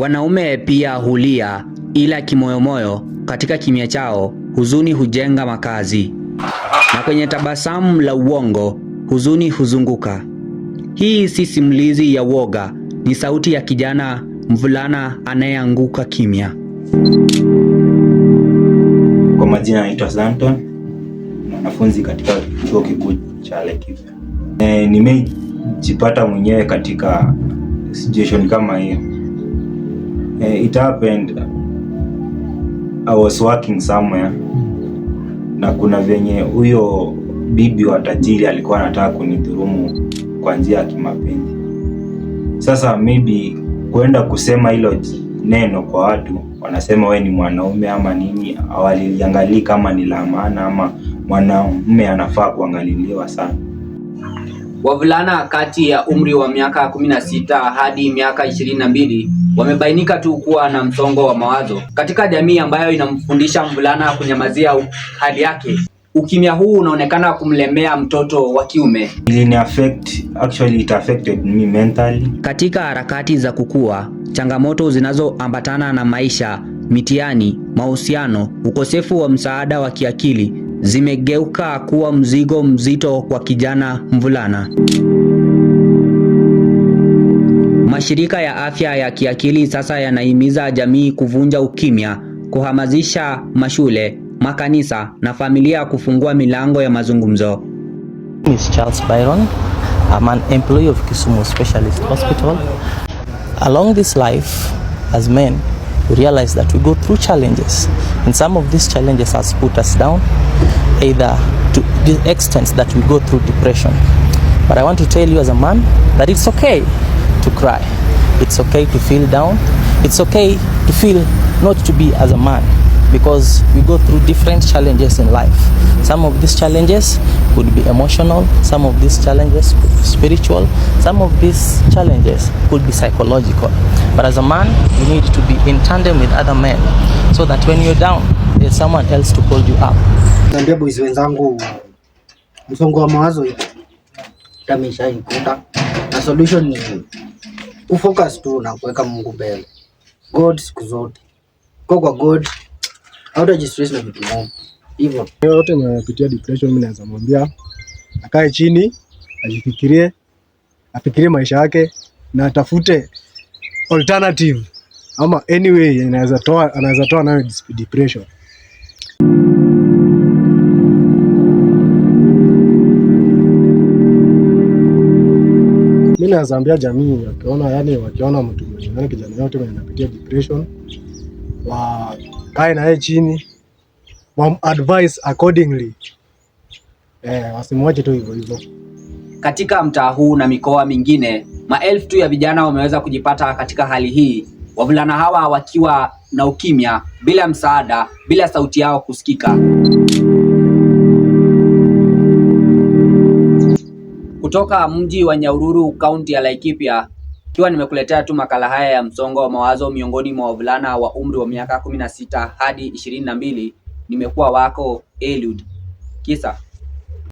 Wanaume pia hulia, ila kimoyomoyo, katika kimya chao huzuni hujenga makazi, na kwenye tabasamu la uongo huzuni huzunguka. Hii si simulizi ya woga, ni sauti ya kijana mvulana anayeanguka kimya. Kwa majina anaitwa Santon, mwanafunzi katika chuo kikuu cha Laikipia. E, eh, nimejipata mwenyewe katika situation kama hiyo Eh, it happened, I was working somewhere na kuna venye huyo bibi wa tajiri alikuwa anataka kunidhurumu kwa njia ya kimapenzi. Sasa maybe kuenda kusema hilo neno kwa watu, wanasema we ni mwanaume ama nini, hawaliangalii kama ni la maana ama mwanaume anafaa kuangaliliwa sana. Wavulana kati ya umri wa miaka kumi na sita hadi miaka ishirini na mbili Hmm. wamebainika tu kuwa na msongo wa mawazo katika jamii ambayo inamfundisha mvulana kunyamazia hali yake. Ukimya huu unaonekana kumlemea mtoto wa kiume. affect, actually it affected me mentally. Katika harakati za kukua, changamoto zinazoambatana na maisha, mitihani, mahusiano, ukosefu wa msaada wa kiakili zimegeuka kuwa mzigo mzito kwa kijana mvulana. Mashirika ya afya ya kiakili sasa yanahimiza jamii kuvunja ukimya, kuhamasisha mashule, makanisa na familia kufungua milango ya mazungumzo. Is Charles Byron. I'm an employee of Kisumu Specialist Hospital. Along this life as men, we realize that we go through challenges and some of these challenges has put us down either to the extent that we go through depression. But I want to tell you as a man that it's okay to cry. It's okay to feel down. It's okay to feel not to be as a man because we go through different challenges in life. Some of these challenges could be emotional, some of these challenges could be spiritual, some of these challenges could be psychological. But as a man, you need to be in tandem with other men so that when you're down, there's someone else to pull you up. solution kufocus tu na kuweka Mungu mbele. God siku zote kwa kwa God hautajistress na vitu vingi hivyo. Yote kupitia depression, mimi naweza mwambia akae chini ajifikirie, afikirie maisha yake na atafute alternative ama anyway anaweza toa anaweza toa nayo depression. mimi nawaambia jamii wakiona, yani wakiona mtu yani kijana yote mwenye anapitia depression, wakae naye chini, wa advise accordingly eh, wasimwache tu hivyo hivyo. Katika mtaa huu na mikoa mingine, maelfu tu ya vijana wameweza kujipata katika hali hii, wavulana hawa wakiwa na ukimya, bila msaada, bila sauti yao kusikika. Kutoka mji wa Nyahururu, kaunti ya Laikipia, ikiwa nimekuletea tu makala haya ya msongo wa mawazo miongoni mwa wavulana wa umri wa miaka kumi na sita hadi ishirini na mbili. Nimekuwa wako Eliud Kisa.